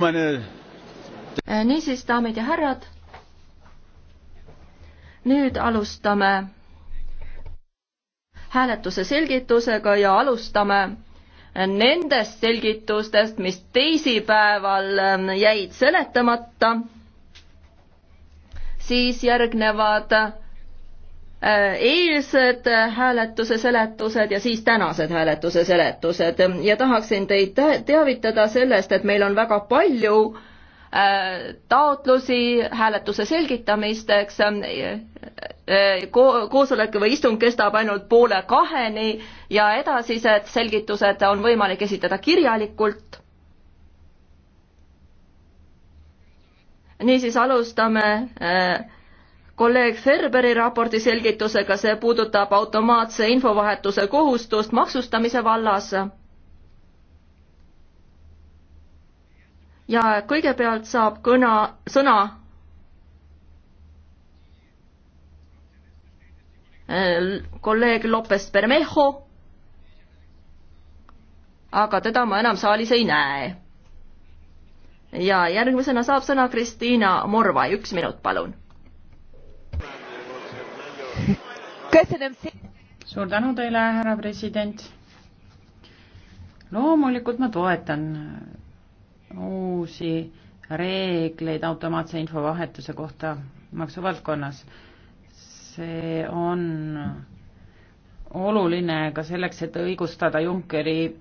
Meine... Äh, niisiis, daamid ja härrad, nüüd alustame hääletuse selgitusega ja alustame nendest selgitustest, mis teisipäeval ähm, jäid seletamata, siis järgnevad Äh, eilsed äh, hääletuse seletused ja siis tänased hääletuse seletused ja tahaksin teid teavitada sellest, et meil on väga palju äh, taotlusi hääletuse selgitamisteks. koosolek või istung kestab ainult poole kaheni ja edasised selgitused on võimalik esitada kirjalikult. niisiis alustame kolleeg Ferberi raporti selgitusega, see puudutab automaatse infovahetuse kohustust maksustamise vallas. ja kõigepealt saab kõna, sõna kolleeg Lopes Bermejo, aga teda ma enam saalis ei näe ja järgmisena saab sõna Kristiina Morva, üks minut, palun suur tänu teile, härra president. loomulikult ma toetan uusi reegleid automaatse infovahetuse kohta maksuvaldkonnas. see on oluline ka selleks, et õigustada Junckeri